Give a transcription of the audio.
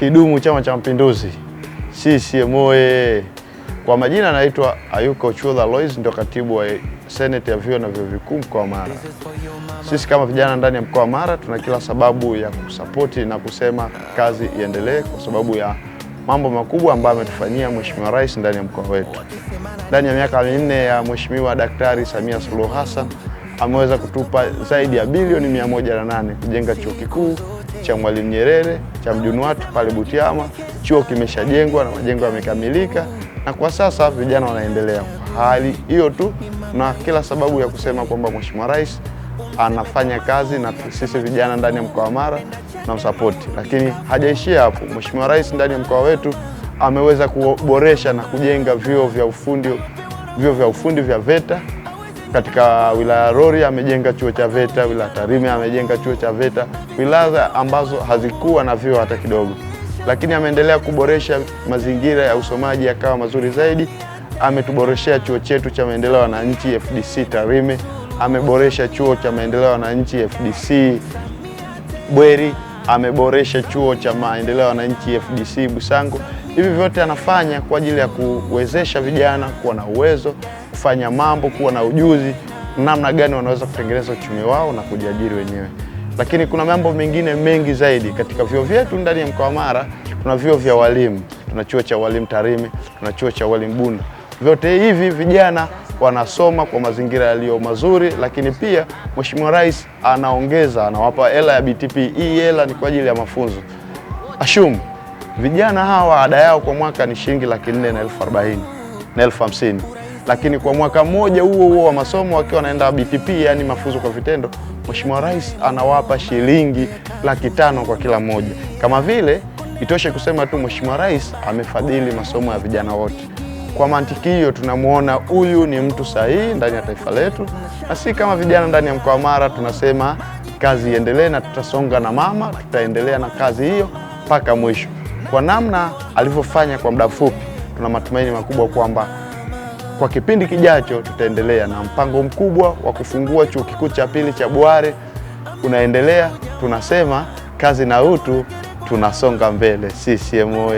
Kidumu Chama cha Mapinduzi! CCM eh. Kwa majina anaitwa Ayuko Ochuodha Lois, ndio katibu wa seneti ya vyuo na vyuo vikuu mkoa wa Mara. Sisi kama vijana ndani ya mkoa wa Mara tuna kila sababu ya kusapoti na kusema kazi iendelee, kwa sababu ya mambo makubwa ambayo ametufanyia Mheshimiwa Rais ndani ya mkoa wetu. Ndani ya miaka minne ya Mheshimiwa Daktari Samia Suluhu Hassan ameweza kutupa zaidi ya bilioni 108 kujenga chuo kikuu cha Mwalimu Nyerere cha Mjunuatu pale Butiama. Chuo kimeshajengwa na majengo yamekamilika, na kwa sasa vijana wanaendelea kwa hali hiyo tu, na kila sababu ya kusema kwamba Mheshimiwa Rais anafanya kazi na sisi vijana ndani ya mkoa wa Mara na msapoti lakini hajaishia hapo. Mheshimiwa Rais ndani ya mkoa wetu ameweza kuboresha na kujenga vyuo vya ufundi, vyuo vya ufundi vya VETA katika wilaya Rori amejenga chuo cha VETA, wilaya Tarime amejenga chuo cha VETA, wilaya ambazo hazikuwa na vyuo hata kidogo, lakini ameendelea kuboresha mazingira ya usomaji yakawa mazuri zaidi. Ametuboreshea chuo chetu cha maendeleo ya wananchi FDC Tarime, ameboresha chuo cha maendeleo ya wananchi FDC Bweri ameboresha chuo cha maendeleo ya wananchi FDC Busangu. Hivi vyote anafanya kwa ajili ya kuwezesha vijana kuwa na uwezo, kufanya mambo, kuwa na ujuzi namna gani wanaweza kutengeneza uchumi wao na kujiajiri wenyewe. Lakini kuna mambo mengine mengi zaidi katika vyuo vyetu ndani ya mkoa wa Mara. Tuna vyuo vya walimu, tuna chuo cha walimu Tarime, tuna chuo cha walimu Bunda. Vyote hivi vijana wanasoma kwa mazingira yaliyo mazuri, lakini pia Mheshimiwa Rais anaongeza, anawapa hela ya BTP. Hii hela ni kwa ajili ya mafunzo. ashum vijana hawa ada yao kwa mwaka ni shilingi laki nne na elfu arobaini na elfu hamsini lakini kwa mwaka mmoja huo huo wa masomo wakiwa wanaenda BTP, yani mafunzo kwa vitendo, Mheshimiwa Rais anawapa shilingi laki tano kwa kila mmoja. Kama vile itoshe kusema tu Mheshimiwa Rais amefadhili masomo ya vijana wote. Kwa mantiki hiyo, tunamwona huyu ni mtu sahihi ndani ya taifa letu, na si kama vijana ndani ya mkoa wa Mara tunasema kazi iendelee, na tutasonga na mama, tutaendelea na kazi hiyo mpaka mwisho. Kwa namna alivyofanya kwa muda mfupi, tuna matumaini makubwa kwamba kwa kipindi kijacho tutaendelea na mpango mkubwa wa kufungua chuo kikuu cha pili cha Bware unaendelea. Tunasema kazi na utu, tunasonga mbele. CCM